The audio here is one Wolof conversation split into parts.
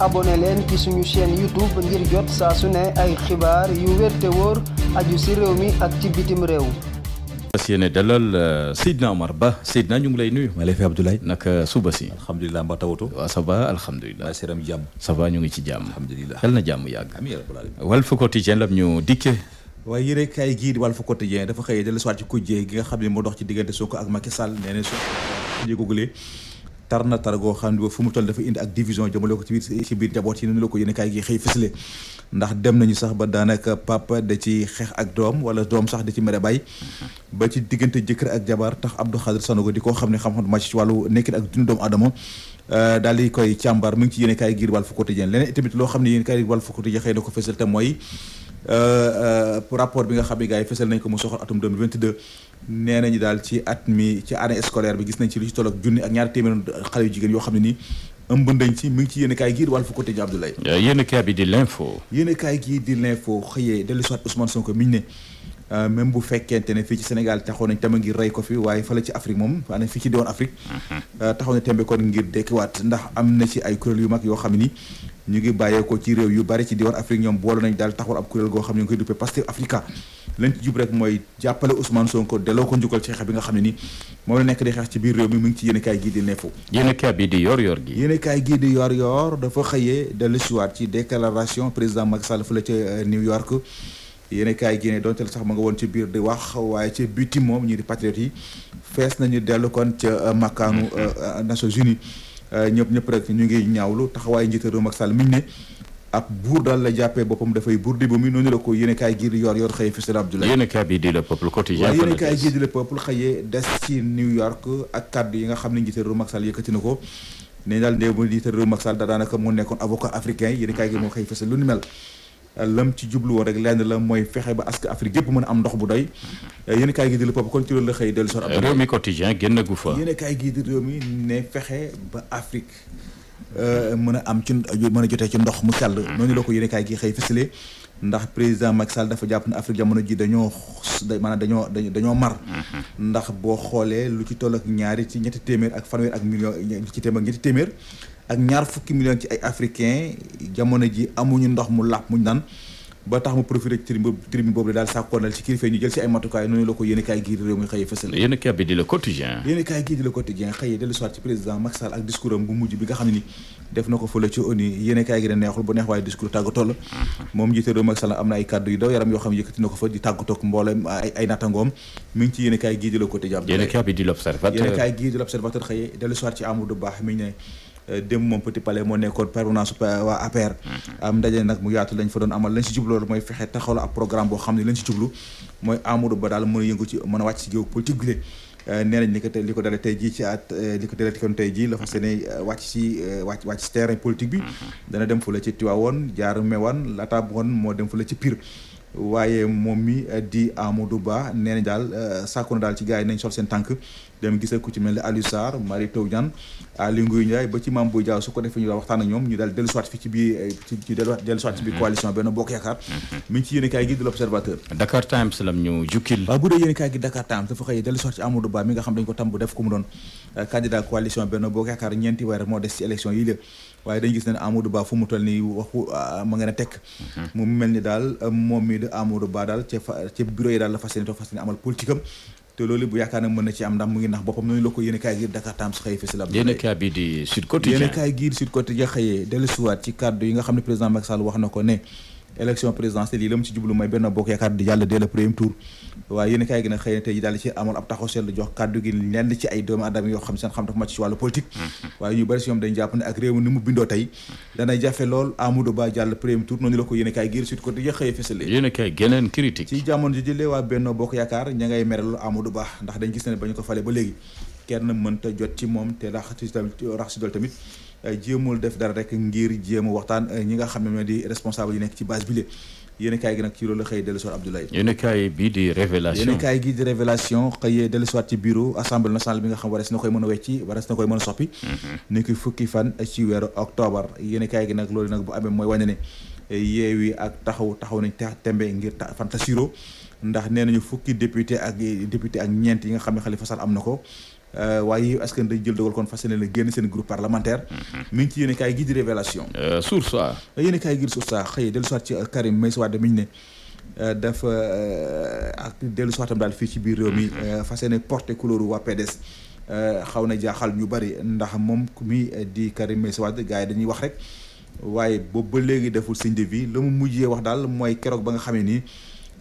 abonné leen ci suñu chaîne YouTube ngir jot saa su ne ay xibaar yu wér te wóor aju si réew mi ak ci bitim réew. fas yéene dalal euh, Seydina Omar Ba Seydina ñu ngi lay nuyu. maa lay fi Abdoulaye. naka euh, suba si. alhamdulilah mbaa tawatoo. waaw ça va alhamdulilah. maa seeram jàmm. ça va ñu ngi ci jàmm. alhamdulilah xel na jàmm yàgg. amiin rabbal aalamiin. Walf Quotidien la ñu dikkee. waaye yére kaay giir di Walf Quotidien dafa xëy dellusiwaat ci kujje gi nga xam ne moo dox ci diggante Sonko ak Macky Sall nee tar na tar goo xam ne ba fu mu toll dafa indi ak division jëmale ko ci biir ci biir njaboot yi noonu ko yéen kaay gi xëy fësale ndax dem nañu sax ba daanaka papa da ci xeex ak doom wala doom sax da ci mere bay ba ci diggante jëkkër ak jabar tax Abdou Khadir Sanogo di koo xam ne xam-xam màcc ci wàllu nekkin ak dundu doomu aadama euh, daal di koy càmbar mu ngi ci yéen kaay giir Walf Quotidien leneen tamit loo xam ne yéen kaay giir Walf Quotidien ko fësal te euh, euh, bi nga xam ne gars ko mu soxal atum nee nañu daal ci at mi ci année scolaire bi gis nañ ci lu ci toll ak junni ak ñaar téeméer xale yu jigéen yoo xam ne nii ëmb nañ ci mi ngi ci yéen a kaay gii wàllu côté Abdoulaye. Euh, yéen a kaay bi di l'info. kaay gii di l'info xëyee dellu soit Ousmane Sonko mi ñu ne euh, même bu fekkente ne fii ci senegal taxaw nañ tam ngir rey ko fi waaye fële ci Afrique moom maanaam fii ci diwaan Afrique. Mhm. Euh, taxaw na tembe kon ngir dekkiwaat ndax am na ci ay kuréel yu mag yoo xam ni ñu ngi bàyyeekoo ci réew yu bari ci diwaan Afrique ñoom boole nañ daal taxawal ab lañ ci jub rek mooy jàppale Ousmane Sonko delloo ko njukkal ci xeex bi nga xam ne ni moom la nekk di xeex ci biir réew mi mu ngi ci yéenekaay gii di L'info yéenekaay bi di yor yor gi yéenekaay gii di yor yoor dafa xëyee dellu si ci déclaration président Macky fu la ca euh, New York yéenekaay gi ne donte sax mu nga woon ci biir di wax waaye ci biti moom ñi di patriote yi fees nañu dellu kon ca euh, makkaanu mm-hmm. euh, Nations Unies ñëpp ñëpp rek ñu ngi ñaawlu taxawaayu njiitu réew Macky Sall miñ ne ab buur daal la jàppee boppam dafay buur di ba muy noonu la ko yéen a kaay gii di yor yor xëye Fesal Abdoulaye yéen a kaay bi di le peuple quotidien waaw yéen a kaay gii di le peuple xëyee des ci New York ak kàddu yi nga xam ne njiitu réew Macky Sall yëkkati na ko ne daal ndéew mu njiitu réew Macky Sall da daanaka mu nekkoon avocat africain yéen a kaay gi moo xëy Fesal lu ni mel lam ci jublu woon rek lenn la mooy fexe ba askan Afrique yëpp mën a am ndox bu doy yéen a kaay gii di le peuple kon ci loolu la xëy dellu sor Abdoulaye réew mi quotidien génn gu fa yéen a kaay gii di réew mi ne fexe ba Afrique Euh, mën a am ci mën a jotee ci ndox mu sell noonu la ko yéenekaay gi xëy fësale ndax président Macky Sall dafa jàpp ne Afrique jamono ji dañoo maanaam dañoo dañoo mar mm-hmm. ndax boo xoolee lu ci toll ak ñaari ci ñetti téeméer ak fanweer ak million ci téeméer ñetti téeméer ak ñaar fukki million ci ay africain jamono ji amuñu ndox mu làpp muñ naan ba tax ma profité ci tribune boobu la daal sàkkoonal ci kilifa ñu jël ci ay matukaay noonu la ko yéen gii di réew mi xëy fësal dellu soit ci président Macky ak discours bu mujj bi nga xam ne ni def na ko fële ci ONU yéen kaay gi ne neexul bu la uh-huh. moom njiite réew Macky Sall am na ay kàddu yu daw yaram yoo xam yëkkati na ko fa di tàggatoog mboolem ay nattangoom mi ngi ci yéen gii di le quotidien yéen kaay bi di gii di l'observateur xëy dellu soit ci Amadou Ba mi ne Euh, dem moom Petit Palais moo nekkoon permanence waa APR mhm. am ndaje nag mu yaatu lañ fa doon amal lañ si jublu loolu mooy fexe taxawal ab programme boo xam ne lañ si jublu mooy Amadou Ba daal mën yëngu ci mën a wàcc si géew politique bi euh, nee nañ ko tey li ko dalee tey jii ci at euh, li ko dalee kon tey jii la fas yéene wàcc si wàcc wàcc si terrain politique bi mhm. dana dem fu la ci Tivaouane jaar Mewane laata woon moo dem fu la ci Pire waaye moom mi di Amadou Ba nee na daal euh, sàkku na daal ci gars yi nañ sol seen tànk dem gis ku ci mel ne Aliou Sarr Mary ba ci Mame Boye Diao su ko defee ñu daal waxtaan ak ñoom ñu daal dellu soit fi ci biir euh, ci dellu soit ci biir mm-hmm. coalition Benno Bokk Yaakaar mm-hmm. mi ci yéen gi di l'Observateur Dakar Times lam ñu jukkil waaw bu dee yéen kaay gi Dakar Times dafa xëy dellu soit ci Amadou Ba mi nga xam dañ ko tàmbu def ku mu doon euh, candidat coalition Benno Bokk waaye dañu gis ne Amadou Ba fu mu toll nii waxu ah, ma ngeen a tekk mhm. mu mel ni daal euh, moom mi di Amadou Ba daal ca fa ca bureau yi daal la fas yéene amal politique te loolu bu yaakaar na mën na ci am ndax mu ngi nax boppam noonu la ko yéen a kaay gi Dakar Times xëy la yéen a kaay bi di Sud Quotidien yéen a kaay gi Sud Quotidien xëyee yi nga xam ne président Macky Sall wax na ko ne élection présidentielle yi la mu ci jublu mooy benn bokk yaakaar di jàll dès le premier tour waaye yéen kaay gi nag xëy na tey mm-hmm. bokk yaakaar ña ngay merelu Amadou Ba ndax dañ gis ne ba ñu ko fale ba léegi kenn mënta jot ci moom te rax ci tamit jéemul def dara rek ngir jéem waxtaan euh, ñi nga xam ne di responsable yi nekk ci base bile yéen kaay gi nag ci loolu la xëy dellusiwaat Abdoulaye. yéen kaay bii di révélation yéen kaay gi xëyee dellusiwaat ci bureau assemblée nationale bi nga xam warees na koy mën a wecci warees na koy mën a soppi. Mhm. ni ki fukki fan ci weeru octobre yenekaay gi nag loolu nag bu amee mooy wane ne yeewi ak taxaw taxaw nañ te tembe ngir fantasiro ndax nee nañu fukki député ak député ak ñeent yi nga xam ne Khalifa Sall am na ko. Euh, waaye yow askan dañ jël dogal kon fas yéene génn seen groupe parlementaire mhm. mi ngi ci yéene kaay gi di révélation euh, source a yéene kaay gi di source a xëy dellu soit ci euh, Karim Meïssa Wade mi ñu ne dafa ak dellu soitam daal fii ci biir réew mi mhm. fas porte porté couleur waa PDS xaw na jaaxal ñu bari ndax moom ku mi di Karim Meïssa Wade gars yi dañuy wax rek waaye boobu ba léegi deful signe de vie la mu mujjee wax daal mooy keroog ba nga xamee nii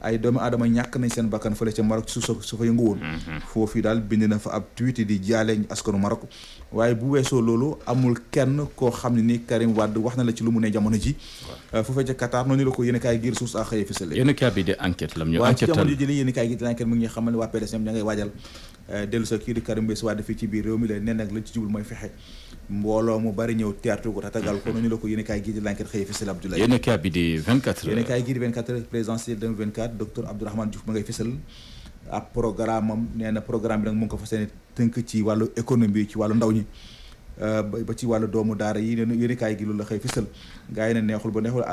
ay doomu aadama ñàkk nañ seen bakkan fële ca Maroc su su fa yëngu woon mhm. foofu daal bind na fa ab tweet di jaale askanu Maroc waaye bu weesoo loolu amul kenn koo xam ne ni Karim Wade wax na la ci lu mu jamono ji foofu ca Qatar noonu la ko yéen a kaay giir suus a xëyee fësale yéen a kaay bi di enquête lam ñu enquête waaw a kaay mu ngi xamal ne waa PDS ñoom ña ngay waajal Eh, dellu sa kii di Karim Meïssa Wade ci biir réew mi la nee nag lañ ci jubul mooy fexe mbooloo mu bari ñëw teertu ko tatagal ko noonu la ko yéen kaay gii di l'enquête xëy fësal Abdoulaye yéen kaay bi di di 24 heures présidentielle 2024 docteur Abdourahmane Diouf ma ngay fësal ab programme am nee na programme bi nag mu ngi ko fas yéene tënk ci wàllu économie ci wàllu ndaw ñi ba ci wàllu doomu daara yi ne gi loolu la xëy fësal gars yi neexul ba neexul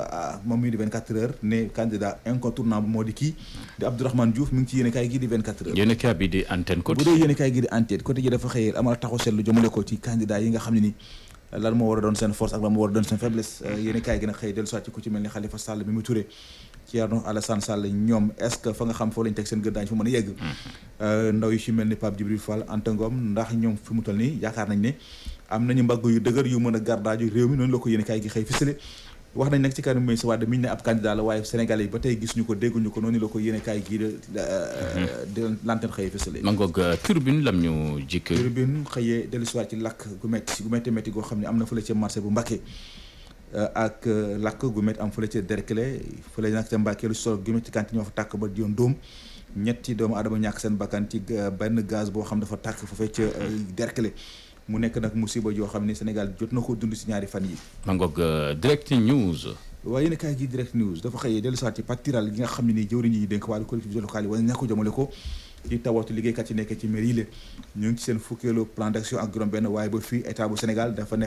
ah, moom mii di 24 heures ne candidat incontournable moo di kii di Abdourahmane Diouf mi ngi ci yéenekaay gi di 24 heures yéenekaay gi di antenne côté ji dafa xëy amal taxaw seetlu jëmale ko ci candidat yi nga xam ne ni lan moo war a doon seen force ak lan moo war a doon seen faiblesse euh, yéenekaay gi nag xëy dellu ci ku ci mel ni Khalifa Sall mi mu Thierno Alassane Sall ñoom est-ce que fa nga xam foo lañ teg seen gën daañu fa mën a yegg euh, ndaw yi ci mel ni Pape Djibril Fall Anta ndax ñoom fu mu toll nii yaakaar nañ ne am nañu mbagg yu dëgër yu mën a gardaaju réew mi noonu la ko yéen kaay gi xëy fisale wax nañ nag ci kanam Meïssa Wade miñ ne ab candidat la waaye Sénégalais yi ba tey gisuñu ko dégguñu ko noonu la ko yéen kaay gii di euh, lanteen xëyee fisale ma ngoog euh, turbine lam ñu jikk turbine xëyee dellusiwaat ci lakk gu metti gu metti xam ne am na fële ca marché bu Mbacké Euh, ak euh, lakk gu métti am fële ca Derklé fële nag ca Mbàkke lu sol gu métti kanti ñoo fa tàkk ba yoon dóom ñetti doomu adama ñàkk seen bakkan ci euh, benn gaz boo xam dafa tàkk foofee ca Derklé mu nekk nag musiba yoo xam ne Sénégal jot na ko dund si ñaari fan yi ma ngoog direct news waaye yéen a kaay gi direct news dafa xëyee dellu saat ci partiral gi nga xam ne nii jëwriñ yi dénk wàllu collectivité locale yi wala ñàkk jëmale ko ci tawatu liggéeykat yi nekk ci mairie yi ñu ngi seen fukkeelu plan d' action ak juróom benn waaye ba fii dafa ne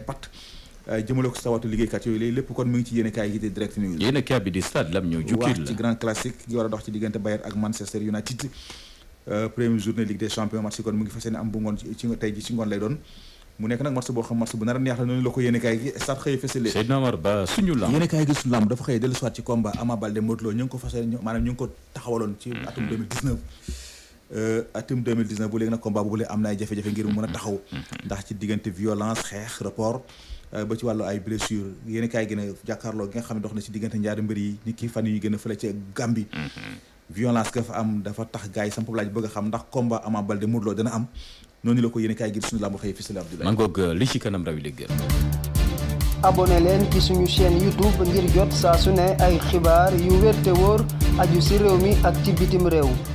Euh, jëmale ko sawatu liggéeykat yooyu léegi lépp kon mu ngi ci yéen kaay gi di direct news yéen kaay bi di stade lam ñëw jukkiir la a euh, match kon mu ngi fas yéene am bu a neex la noonu la ko yéen kaay gi stade xëy fësale Seydina Omar jafe-jafe ngir mu mën a taxaw mm-hmm. ndax ci diggante violence xeex report Euh, ba ci wàllu ay blessure yéen kaay gën a jàkkaarloo gi nga xam ne dox na ci diggante ñaari mbër yi nit ki fan yu gën a fële ci Gambie mm-hmm. violence ga fa am dafa tax gars yi sama poblage bëgg a xam ndax combat Ama Baldé Modou Lô dana am noonu la ko yéen kaay gi suñu lamb xëy fësale Abdoulaye man goog li ci kanam rawi léegi abonné leen ci suñu chaîne YouTube ngir jot saa su ne ay xibaar yu wér te wóor aju si réew mi ak ci bitim réew